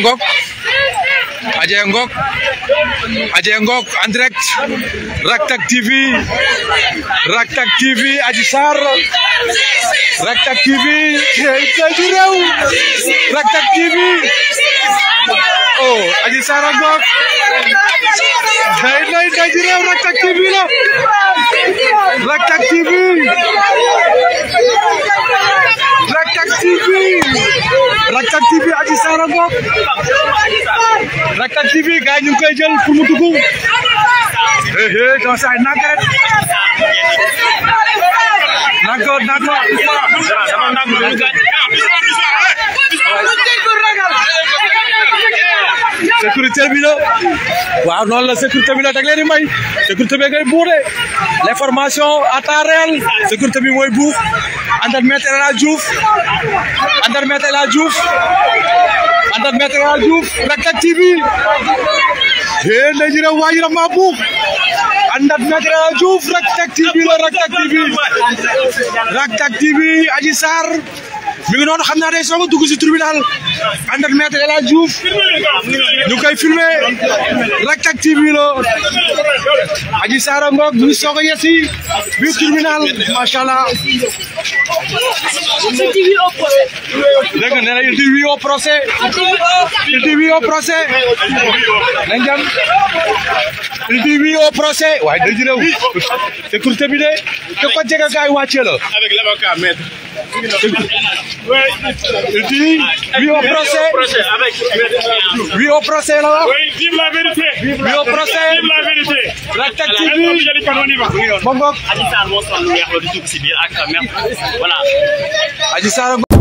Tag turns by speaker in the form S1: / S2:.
S1: Ngok Ajay Ngok Ajay Ngok en direct Rak TV Rak TV Adji TV Rakkal TV Adji Sarr ngoog Rakkal TV gars yi ñu ngi koy jël pour mu dugg eh eh dans sa nak rek nako nako sécurité bi la waaw noonu la sécurité bi la da nga leen di may sécurité bi ngay buuree l'information à temps réel sécurité bi mooy buuf àndal Maître El Hadji Diouf àndal Maître El Hadji Diouf àndal Maître El Hadji Diouf Rak Rak TV hee ndeyjire waajira maa buuf àndal Maître El mi ngi noonu xam naa day soog a dugg si tribunal ànd ak maître El Hadj Diouf ñu koy filmé Rak Tak TV la Adji Sarr Ngok ñu ngi soog a yegsi biir tribunal macha allah. dégg nga nee na il dit oui de te ko jege gaay Il dit oui au procès. Oui au procès là. Oui, vive la vérité. Vive la procès. Vive la vérité. La tactique. Bon, bon. Adji Sarr moo sonn neex la di dugg si biir ak mère. Voilà. Adji Sarr